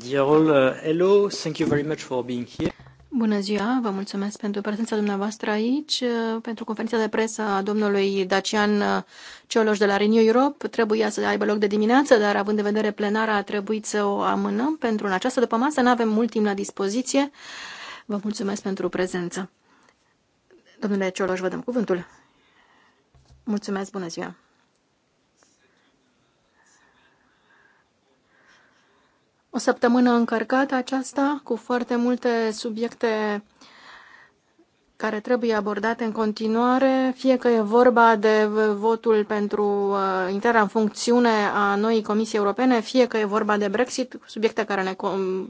Uh, hello, thank you very much for being here. Bună ziua, vă mulțumesc pentru prezența dumneavoastră aici, uh, pentru conferința de presă a domnului Dacian uh, Cioloș de la Renew Europe. Trebuia să aibă loc de dimineață, dar având în vedere plenara a trebuit să o amânăm pentru în această după masă. Nu avem mult timp la dispoziție. Vă mulțumesc pentru prezență. Domnule Cioloș, vă dăm cuvântul. Mulțumesc, bună ziua! O săptămână încărcată aceasta, cu foarte multe subiecte care trebuie abordate în continuare, fie că e vorba de votul pentru uh, intrarea în funcțiune a noii Comisii Europene, fie că e vorba de Brexit, subiecte care ne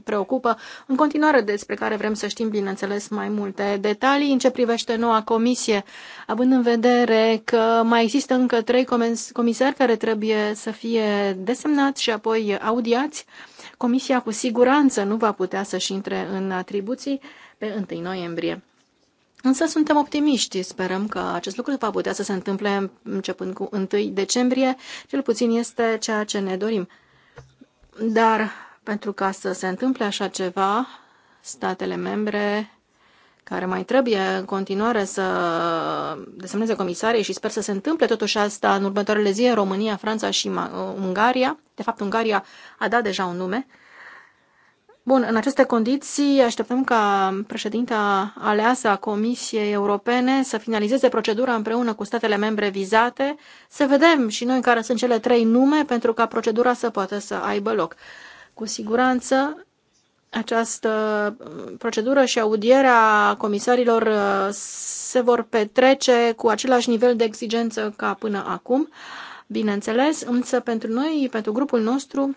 preocupă în continuare, despre care vrem să știm, bineînțeles, mai multe detalii. În ce privește noua Comisie, având în vedere că mai există încă trei comisari care trebuie să fie desemnați și apoi audiați, Comisia cu siguranță nu va putea să-și intre în atribuții pe 1 noiembrie. Însă suntem optimiști, sperăm că acest lucru va putea să se întâmple începând cu 1 decembrie, cel puțin este ceea ce ne dorim. Dar pentru ca să se întâmple așa ceva, statele membre care mai trebuie în continuare să desemneze comisarii și sper să se întâmple totuși asta în următoarele zile în România, Franța și uh, Ungaria. De fapt, Ungaria a dat deja un nume. Bun, în aceste condiții așteptăm ca președinta aleasă a Comisiei Europene să finalizeze procedura împreună cu statele membre vizate, să vedem și noi care sunt cele trei nume pentru ca procedura să poată să aibă loc. Cu siguranță această uh, procedură și audierea comisarilor uh, se vor petrece cu același nivel de exigență ca până acum, bineînțeles, însă pentru noi, pentru grupul nostru,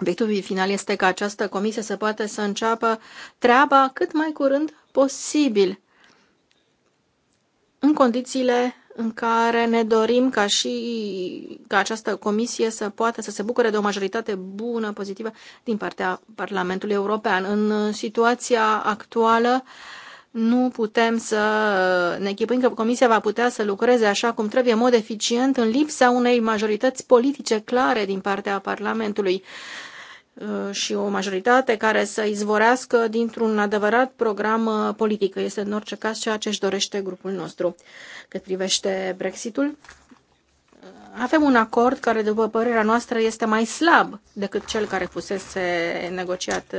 obiectivul final este ca această comisie să poată să înceapă treaba cât mai curând posibil, în condițiile în care ne dorim ca și ca această comisie să poată să se bucure de o majoritate bună, pozitivă din partea Parlamentului European. În situația actuală nu putem să ne echipăm că comisia va putea să lucreze așa cum trebuie, în mod eficient, în lipsa unei majorități politice clare din partea Parlamentului. Uh, și o majoritate care să izvorească dintr-un adevărat program uh, politic. Este în orice caz ceea ce își dorește grupul nostru cât privește Brexitul. Uh, avem un acord care, după părerea noastră, este mai slab decât cel care fusese negociat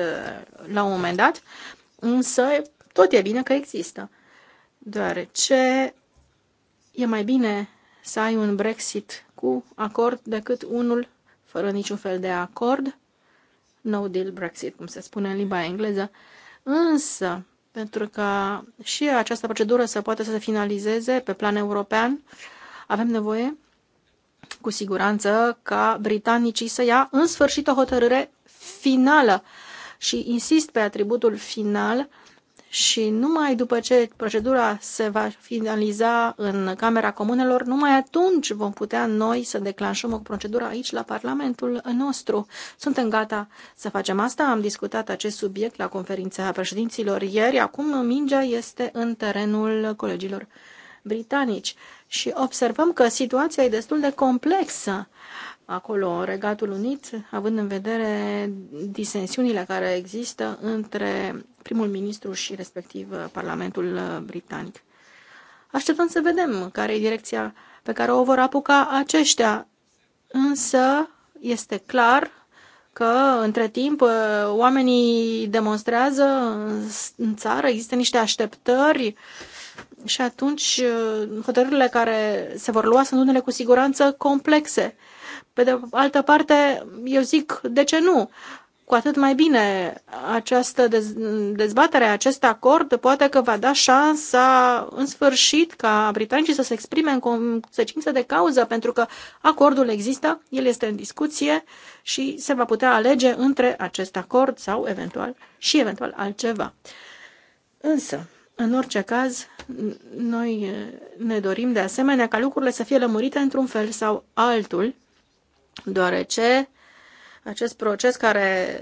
la un moment dat, însă tot e bine că există, deoarece e mai bine să ai un Brexit cu acord decât unul fără niciun fel de acord no deal Brexit, cum se spune în limba engleză. Însă, pentru că și această procedură să poată să se finalizeze pe plan european, avem nevoie cu siguranță ca britanicii să ia în sfârșit o hotărâre finală. Și insist pe atributul final, și numai după ce procedura se va finaliza în Camera Comunelor, numai atunci vom putea noi să declanșăm o procedură aici la Parlamentul nostru. Suntem gata să facem asta. Am discutat acest subiect la conferința președinților ieri. Acum mingea este în terenul colegilor britanici și observăm că situația e destul de complexă acolo, Regatul Unit, având în vedere disensiunile care există între primul ministru și respectiv uh, Parlamentul uh, Britanic. Așteptăm să vedem care e direcția pe care o vor apuca aceștia, însă este clar că între timp uh, oamenii demonstrează în țară, există niște așteptări uh, și atunci uh, hotărârile care se vor lua sunt unele cu siguranță complexe. Pe de altă parte, eu zic, de ce nu? Cu atât mai bine această dezbatere, acest acord, poate că va da șansa în sfârșit ca britanicii să se exprime în consecință de cauză, pentru că acordul există, el este în discuție și se va putea alege între acest acord sau eventual și eventual altceva. Însă, în orice caz, noi eh, ne dorim de asemenea ca lucrurile să fie lămurite într-un fel sau altul, deoarece acest proces care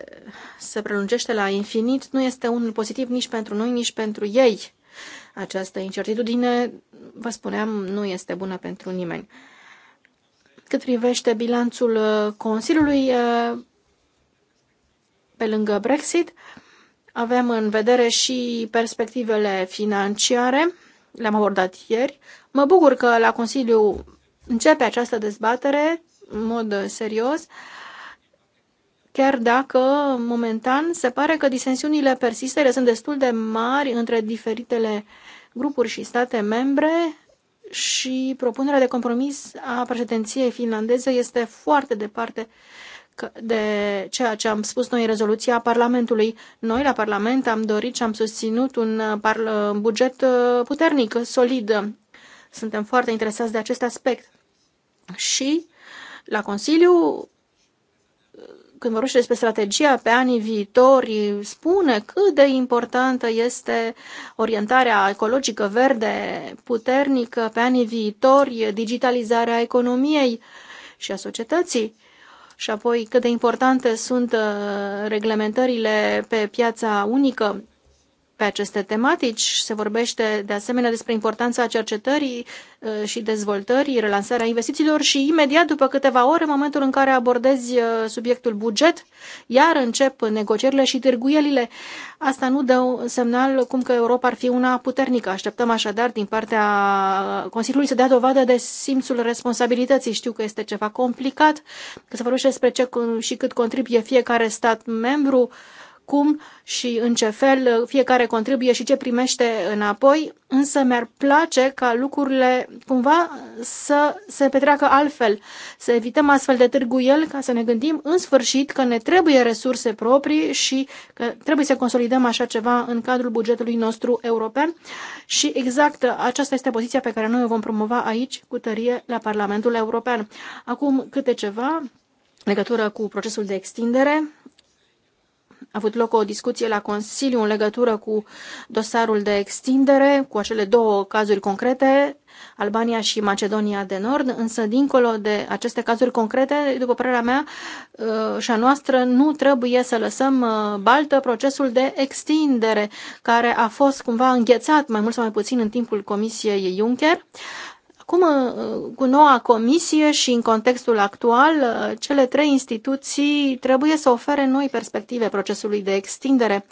se prelungește la infinit nu este unul pozitiv nici pentru noi, nici pentru ei. Această incertitudine, vă spuneam, nu este bună pentru nimeni. Cât privește bilanțul eh, Consiliului eh, pe lângă Brexit, avem în vedere și perspectivele financiare, le-am abordat ieri. Mă bucur că la Consiliu începe această dezbatere în mod serios, chiar dacă momentan se pare că disensiunile persistă, ele sunt destul de mari între diferitele grupuri și state membre și propunerea de compromis a președinției finlandeze este foarte departe de ceea ce am spus noi în rezoluția Parlamentului. Noi la Parlament am dorit și am susținut un uh, uh, buget uh, puternic, solid. Suntem foarte interesați de acest aspect. Și la Consiliu, când vorbește despre strategia pe anii viitori, spune cât de importantă este orientarea ecologică verde puternică pe anii viitori, digitalizarea economiei și a societății și apoi cât de importante sunt uh, reglementările pe piața unică pe aceste tematici. Se vorbește de asemenea despre importanța cercetării uh, și dezvoltării, relansarea investițiilor și imediat după câteva ore, în momentul în care abordezi uh, subiectul buget, iar încep negocierile și târguielile. Asta nu dă un semnal cum că Europa ar fi una puternică. Așteptăm așadar din partea uh, Consiliului să dea dovadă de simțul responsabilității. Știu că este ceva complicat, că se vorbește despre ce și cât contribuie fiecare stat membru cum și în ce fel fiecare contribuie și ce primește înapoi, însă mi-ar place ca lucrurile cumva să se petreacă altfel, să evităm astfel de târguiel ca să ne gândim în sfârșit că ne trebuie resurse proprii și că trebuie să consolidăm așa ceva în cadrul bugetului nostru european și exact aceasta este poziția pe care noi o vom promova aici cu tărie la Parlamentul European. Acum câte ceva legătură cu procesul de extindere a avut loc o discuție la Consiliu în legătură cu dosarul de extindere, cu acele două cazuri concrete, Albania și Macedonia de Nord, însă dincolo de aceste cazuri concrete, după părerea mea uh, și a noastră, nu trebuie să lăsăm uh, baltă procesul de extindere, care a fost cumva înghețat mai mult sau mai puțin în timpul Comisiei Juncker. Acum, uh, cu noua comisie și în contextul actual, uh, cele trei instituții trebuie să ofere noi perspective procesului de extindere.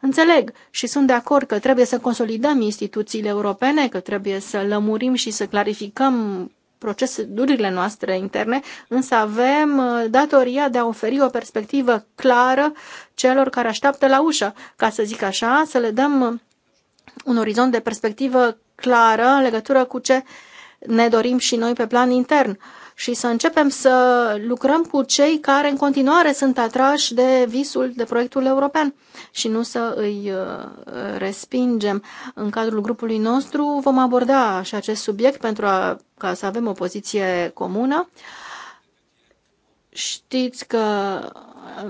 Înțeleg și sunt de acord că trebuie să consolidăm instituțiile europene, că trebuie să lămurim și să clarificăm procesurile noastre interne, însă avem uh, datoria de a oferi o perspectivă clară celor care așteaptă la ușă, ca să zic așa, să le dăm un orizont de perspectivă clară în legătură cu ce uh, ne dorim și noi pe plan intern și să începem să lucrăm cu cei care în continuare sunt atrași de visul, de proiectul european și nu să îi uh, respingem. În cadrul grupului nostru vom aborda și acest subiect pentru a, ca să avem o poziție comună. Știți că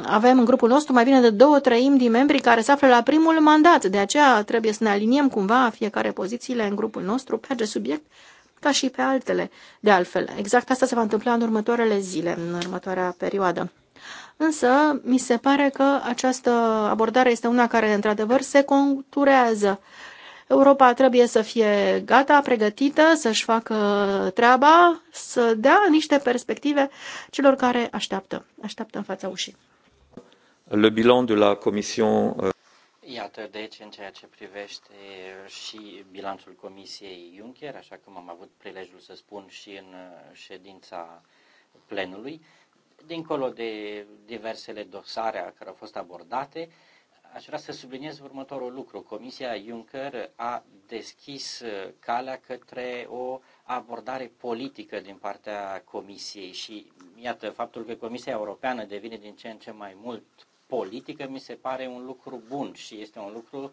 avem în grupul nostru mai bine de două treimi din membrii care se află la primul mandat, de aceea trebuie să ne aliniem cumva fiecare pozițiile în grupul nostru pe acest subiect ca și pe altele. De altfel, exact asta se va întâmpla în următoarele zile, în următoarea perioadă. Însă, mi se pare că această abordare este una care, într-adevăr, se conturează. Europa trebuie să fie gata, pregătită, să-și facă treaba, să dea niște perspective celor care așteaptă, așteaptă în fața ușii. Le bilan de la Comisie euh, Iată, deci, în ceea ce privește și bilanțul Comisiei Juncker, așa cum am avut prilejul să spun și în uh, ședința plenului, dincolo de diversele dosare care au fost abordate, aș vrea să subliniez următorul lucru. Comisia Juncker a deschis uh, calea către o abordare politică din partea Comisiei și, iată, faptul că Comisia Europeană devine din ce în ce mai mult politică mi se pare un lucru bun și este un lucru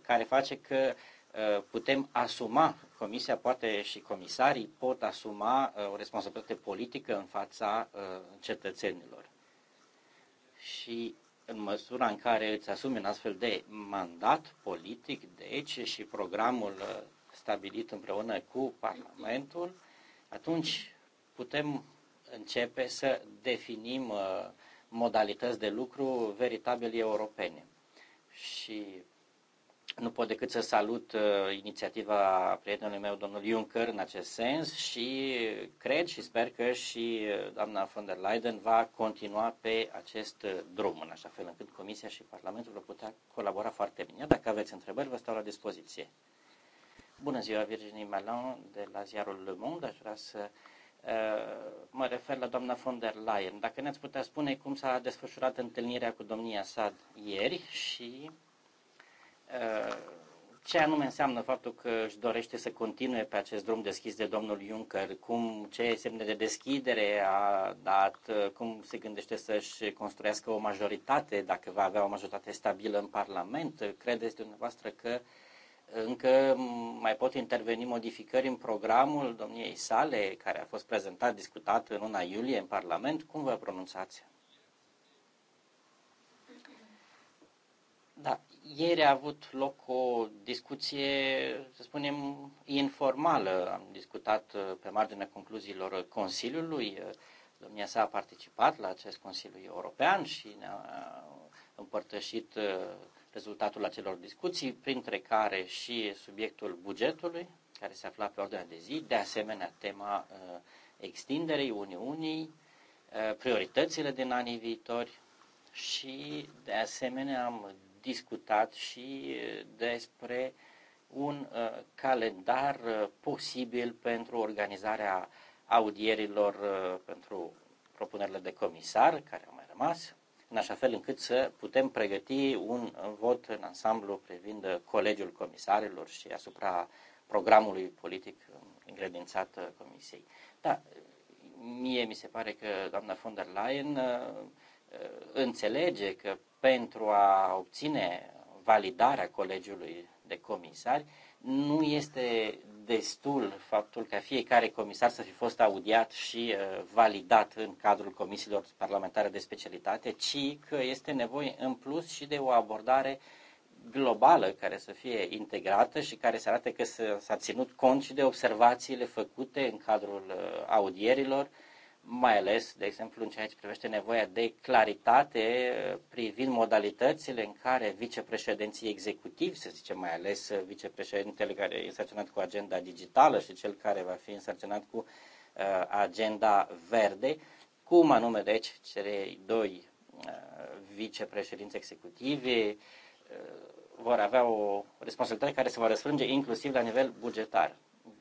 care face că uh, putem asuma, comisia poate și comisarii pot asuma uh, o responsabilitate politică în fața uh, cetățenilor. Și în măsura în care îți asumi un astfel de mandat politic, deci și programul stabilit împreună cu Parlamentul, atunci putem începe să definim uh, modalități de lucru veritabil europene. Și nu pot decât să salut uh, inițiativa prietenului meu, domnul Juncker, în acest sens și cred și sper că și uh, doamna von der Leyen va continua pe acest uh, drum, în așa fel încât Comisia și Parlamentul vor putea colabora foarte bine. Dacă aveți întrebări, vă stau la dispoziție. Bună ziua, Virginie Malon, de la ziarul Le Monde. Aș vrea să mă refer la doamna von der Leyen. Dacă ne-ați putea spune cum s-a desfășurat întâlnirea cu domnia Assad ieri și uh, ce anume înseamnă faptul că își dorește să continue pe acest drum deschis de domnul Juncker, cum, ce semne de deschidere a dat, cum se gândește să-și construiască o majoritate, dacă va avea o majoritate stabilă în Parlament. Credeți dumneavoastră că uh, încă mai pot interveni modificări în programul domniei sale, care a fost prezentat, discutat în luna iulie în Parlament. Cum vă pronunțați? Da, ieri a avut loc o discuție, să spunem, informală. Am discutat uh, pe marginea concluziilor Consiliului. Uh, domnia sa a participat la acest Consiliu European și ne-a uh, împărtășit rezultatul acelor discuții, printre care și subiectul bugetului, care se afla pe ordinea de zi, de asemenea tema uh, extinderei Uniunii, uh, prioritățile din anii viitori și de asemenea am discutat și uh, despre un uh, calendar uh, posibil pentru organizarea audierilor uh, pentru propunerile de comisar care au mai rămas în așa fel încât să putem pregăti un vot în ansamblu privind Colegiul Comisarilor și asupra programului politic îngredințat Comisiei. Da, mie mi se pare că doamna von der Leyen uh, uh, înțelege că pentru a obține validarea Colegiului de Comisari, nu este destul faptul ca fiecare comisar să fi fost audiat și uh, validat în cadrul comisiilor parlamentare de specialitate, ci că este nevoie în plus și de o abordare globală care să fie integrată și care să arate că s-a ținut cont și de observațiile făcute în cadrul uh, audierilor mai ales, de exemplu, în ceea ce privește nevoia de claritate eh, privind modalitățile în care vicepreședinții executivi, să zicem mai ales eh, vicepreședintele care e însărcinat cu agenda digitală și cel care va fi însărcinat cu uh, agenda verde, cum anume, deci, cei doi uh, vicepreședinți executivi uh, vor avea o responsabilitate care se va răsfrânge inclusiv la nivel bugetar.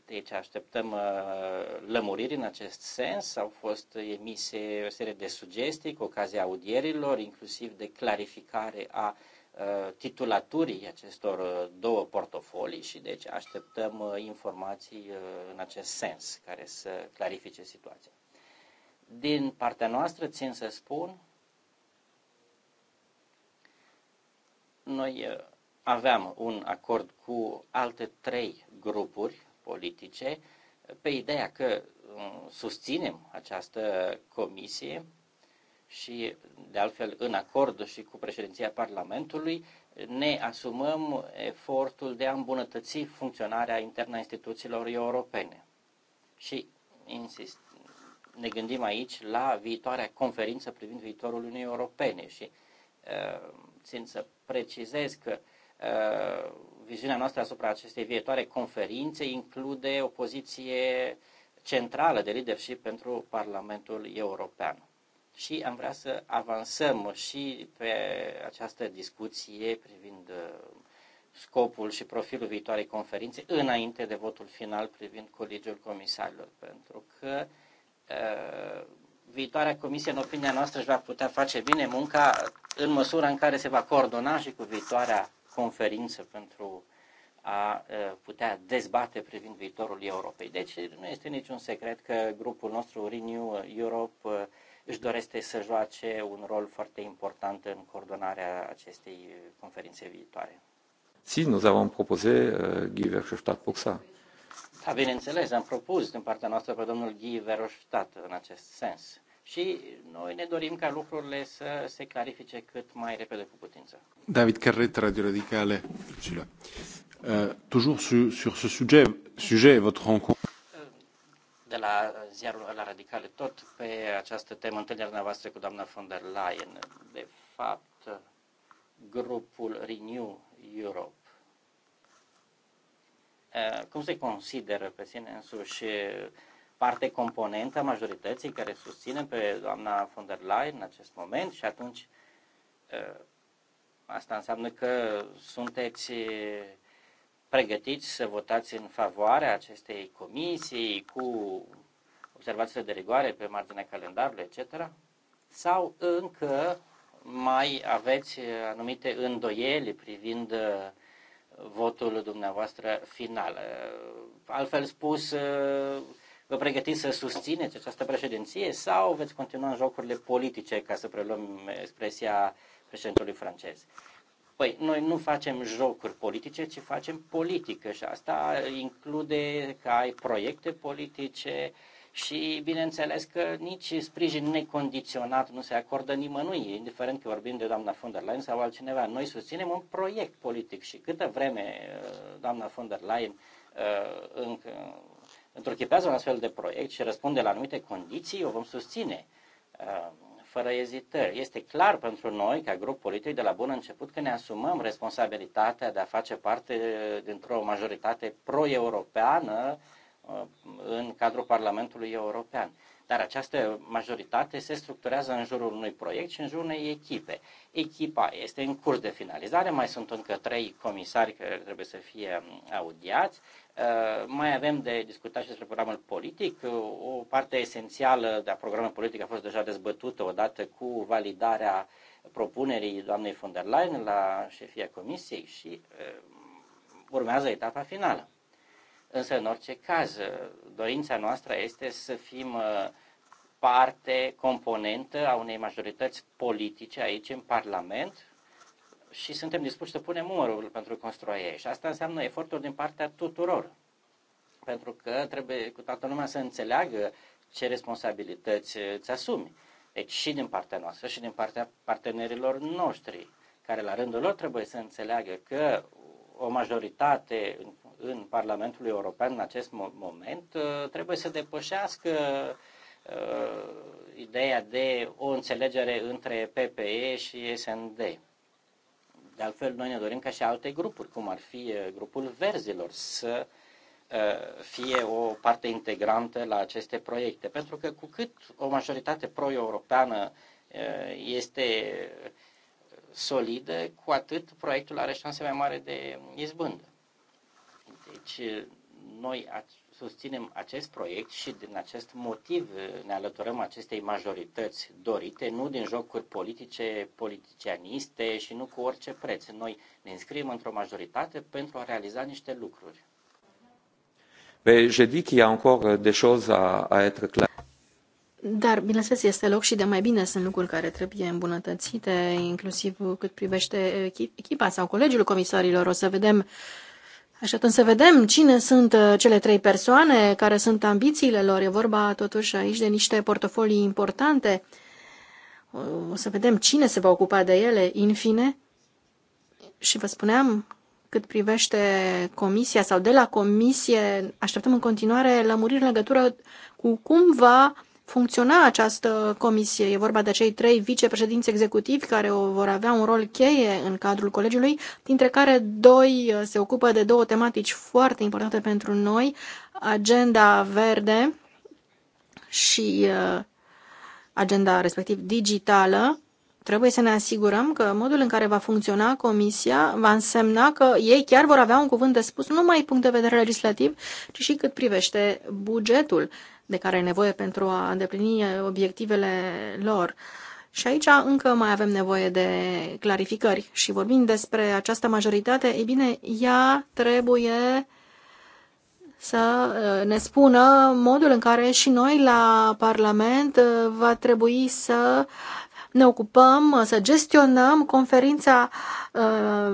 Deci așteptăm uh, lămuriri în acest sens. Au fost emise o serie de sugestii cu ocazia audierilor, inclusiv de clarificare a uh, titulaturii acestor uh, două portofolii și deci așteptăm informații în acest sens care să clarifice situația. Din partea noastră țin să spun, noi aveam un acord cu alte trei grupuri politice pe ideea că uh, susținem această comisie și, de altfel, în acord și cu președinția Parlamentului, ne asumăm efortul de a îmbunătăți funcționarea internă a instituțiilor europene. Și insist, ne gândim aici la viitoarea conferință privind viitorul Uniunii Europene și uh, țin să precizez că uh, Uh, viziunea noastră asupra acestei viitoare conferințe include o poziție centrală de leadership pentru Parlamentul European. Și am vrea să avansăm și pe această discuție privind uh, scopul și profilul viitoarei conferințe înainte de votul final privind Colegiul Comisarilor, pentru că uh, viitoarea comisie, în opinia noastră, își va putea face bine munca în măsura în care se va coordona și cu viitoarea conferință pentru a putea dezbate privind viitorul Europei. Deci nu este niciun secret că grupul nostru Renew Europe își dorește să joace un rol foarte important în coordonarea acestei conferințe viitoare. Si, nous avons proposé uh, Guy Verhofstadt pour ça. Da, bineînțeles, am propus din partea noastră pe domnul Guy Verhofstadt în acest sens și noi ne dorim ca lucrurile să se clarifice cât mai repede cu putință. David Carret, Radio Radicale. Uh, toujours sur, sur ce sujet, sujet, votre rencontre de la ziarul la radicale, tot pe această temă, întâlnirea noastră cu doamna von der Leyen. De fapt, grupul Renew Europe. Euh, cum se consideră pe sine însuși parte componentă a majorității care susține pe doamna von der Leyen în acest moment și atunci ă, asta înseamnă că sunteți pregătiți să votați în favoarea acestei comisii cu observațiile de rigoare pe marginea calendarului, etc. Sau încă mai aveți anumite îndoieli privind ă, votul dumneavoastră final. Altfel spus, ă, Vă pregătiți să susțineți această președinție sau veți continua în jocurile politice, ca să preluăm expresia președintelui francez? Păi, noi nu facem jocuri politice, ci facem politică și asta include că ai proiecte politice și, bineînțeles, că nici sprijin necondiționat nu se acordă nimănui, indiferent că vorbim de doamna von der Leyen sau altcineva. Noi susținem un proiect politic și câtă vreme uh, doamna von der Leyen uh, încă întruchipează un astfel de proiect și răspunde la anumite condiții, o vom susține uh, fără ezitări. Este clar pentru noi, ca grup politic, de la bun început, că ne asumăm responsabilitatea de a face parte uh, dintr-o majoritate pro-europeană uh, în cadrul Parlamentului European. Dar această majoritate se structurează în jurul unui proiect și în jurul unei echipe. Echipa este în curs de finalizare, mai sunt încă trei comisari care trebuie să fie um, audiați, uh, mai avem de discutat și despre programul politic. O parte esențială de a programului politic a fost deja dezbătută odată cu validarea propunerii doamnei von der Leyen la șefia comisiei și uh, urmează etapa finală. Însă, în orice caz, dorința noastră este să fim uh, parte componentă a unei majorități politice aici în Parlament și suntem dispuși să punem umărul pentru construirea ei. Și asta înseamnă eforturi din partea tuturor. Pentru că trebuie cu toată lumea să înțeleagă ce responsabilități uh, îți asumi. Deci și din partea noastră și din partea partenerilor noștri, care la rândul lor trebuie să înțeleagă că o majoritate în Parlamentul European în acest moment uh, trebuie să depășească uh, ideea de o înțelegere între PPE și SND. De altfel, noi ne dorim ca și alte grupuri, cum ar fi uh, grupul verzilor, să fie o parte integrantă la aceste proiecte. Pentru că cu cât o majoritate pro-europeană este solidă, cu atât proiectul are șanse mai mare de izbândă. Deci, noi susținem acest proiect și din acest motiv ne alăturăm acestei majorități dorite, nu din jocuri politice, politicianiste și nu cu orice preț. Noi ne înscriem într-o majoritate pentru a realiza niște lucruri. Mais je dis qu'il y a encore des choses à, à être claires. Dar, bineînțeles, este loc și de mai bine. Sunt lucruri care trebuie îmbunătățite, inclusiv cât privește echipa sau colegiul comisarilor. O să vedem uh, Așa atunci să vedem cine sunt uh, cele trei persoane, care sunt ambițiile lor. E vorba totuși aici de niște portofolii importante. O să vedem cine se va ocupa de ele, în fine. Și vă spuneam, cât privește comisia sau de la comisie, așteptăm în continuare lămuriri în legătură cu cum va funcționa această comisie. E vorba de cei trei vicepreședinți executivi care o vor avea un rol cheie în cadrul colegiului, dintre care doi uh, se ocupă de două tematici foarte importante pentru noi, agenda verde și uh, agenda respectiv digitală. Trebuie să ne asigurăm că modul în care va funcționa comisia va însemna că ei chiar vor avea un cuvânt de spus, nu numai punct de vedere legislativ, ci și cât privește bugetul de care e nevoie pentru a îndeplini eh, obiectivele lor. Și aici încă mai avem nevoie de clarificări. Și vorbind despre această majoritate, e bine, ea trebuie să eh, ne spună modul în care și noi la Parlament eh, va trebui să ne ocupăm, să gestionăm conferința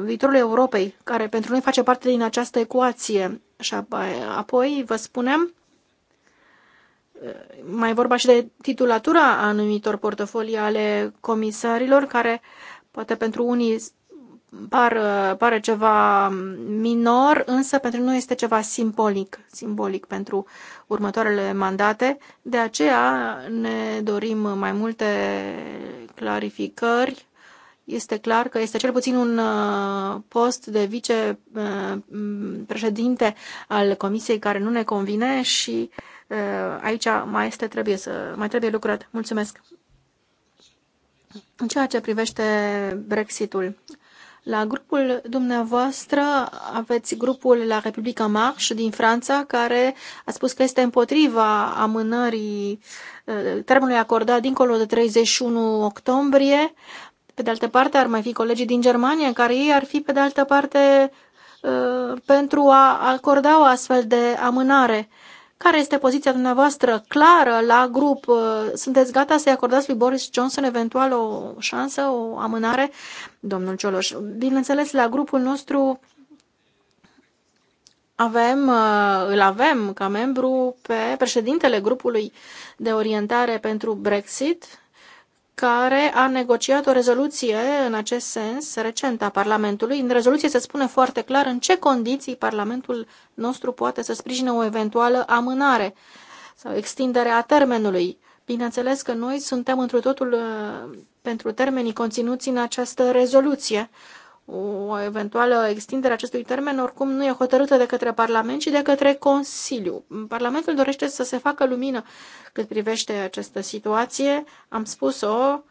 viitorului Europei, care pentru noi face parte din această ecuație. Și apoi vă spunem mai vorba și de titulatura anumitor portofolii ale comisarilor, care poate pentru unii par, pare ceva minor, însă pentru noi este ceva simbolic, simbolic pentru următoarele mandate. De aceea ne dorim mai multe clarificări. Este clar că este cel puțin un uh, post de vicepreședinte uh, al comisiei care nu ne convine și uh, Eh, aici mai este trebuie să mai trebuie lucrat. Mulțumesc. În ceea ce privește Brexitul, la grupul dumneavoastră aveți grupul La Republica Marche din Franța, care a spus că este împotriva amânării eh, termenului acordat dincolo de 31 octombrie. Pe de altă parte, ar mai fi colegii din Germania, care ei ar fi, pe de altă parte, eh, pentru a acorda o astfel de amânare. Care este poziția dumneavoastră clară la grup? Uh, sunteți gata să-i acordați lui Boris Johnson eventual o șansă, o amânare? Domnul Cioloș, bineînțeles, la grupul nostru avem, uh, îl avem ca membru pe președintele grupului de orientare pentru Brexit, care a negociat o rezoluție în acest sens recentă a Parlamentului. În rezoluție se spune foarte clar în ce condiții Parlamentul nostru poate să sprijine o eventuală amânare sau extindere a termenului. Bineînțeles că noi suntem într totul uh, pentru termenii conținuți în această rezoluție o eventuală extindere a acestui termen oricum nu e hotărâtă de către Parlament, ci de către Consiliu. Parlamentul dorește să se facă lumină cât privește această situație. Am spus-o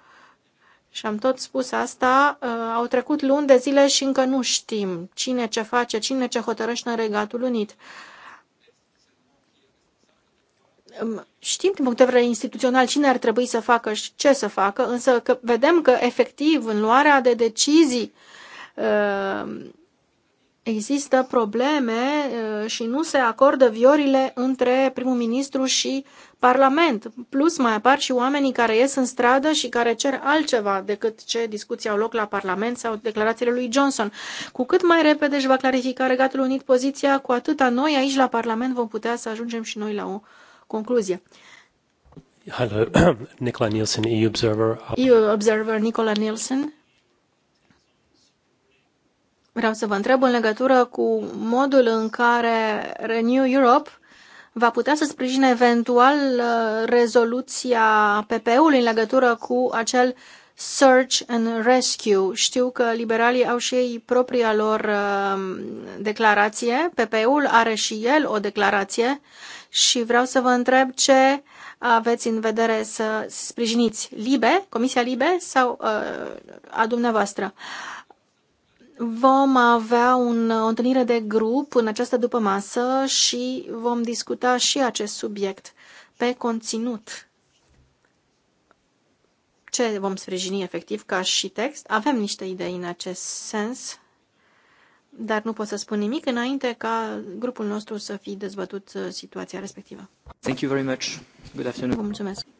și am tot spus asta. Uh, au trecut luni de zile și încă nu știm cine ce face, cine ce hotărăște în Regatul Unit. Um, știm din punct de vedere instituțional cine ar trebui să facă și ce să facă, însă că vedem că efectiv în luarea de decizii Ehm, există probleme eh, și nu se acordă viorile între primul ministru și Parlament. Plus mai apar și oamenii care ies în stradă și care cer altceva decât ce discuții au loc la Parlament sau declarațiile lui Johnson. Cu cât mai repede își va clarifica Regatul Unit poziția, cu atâta noi aici la Parlament vom putea să ajungem și noi la o concluzie. Hello, Nicola Nielsen, EU Observer. EU Observer, Nicola Nielsen Vreau să vă întreb în legătură cu modul în care Renew Europe va putea să sprijine eventual uh, rezoluția PPE-ului în legătură cu acel search and rescue. Știu că liberalii au și ei propria lor uh, declarație, PPE-ul are și el o declarație și vreau să vă întreb ce aveți în vedere să sprijiniți LIBE, Comisia LIBE sau uh, a dumneavoastră. Uh, Vom avea un, o întâlnire de grup în această după masă și vom discuta și acest subiect pe conținut. Ce vom sprijini efectiv ca și text? Avem niște idei în acest sens, dar nu pot să spun nimic înainte ca grupul nostru să fi dezbătut uh, situația respectivă. Thank you very much. Good afternoon. Vă mulțumesc.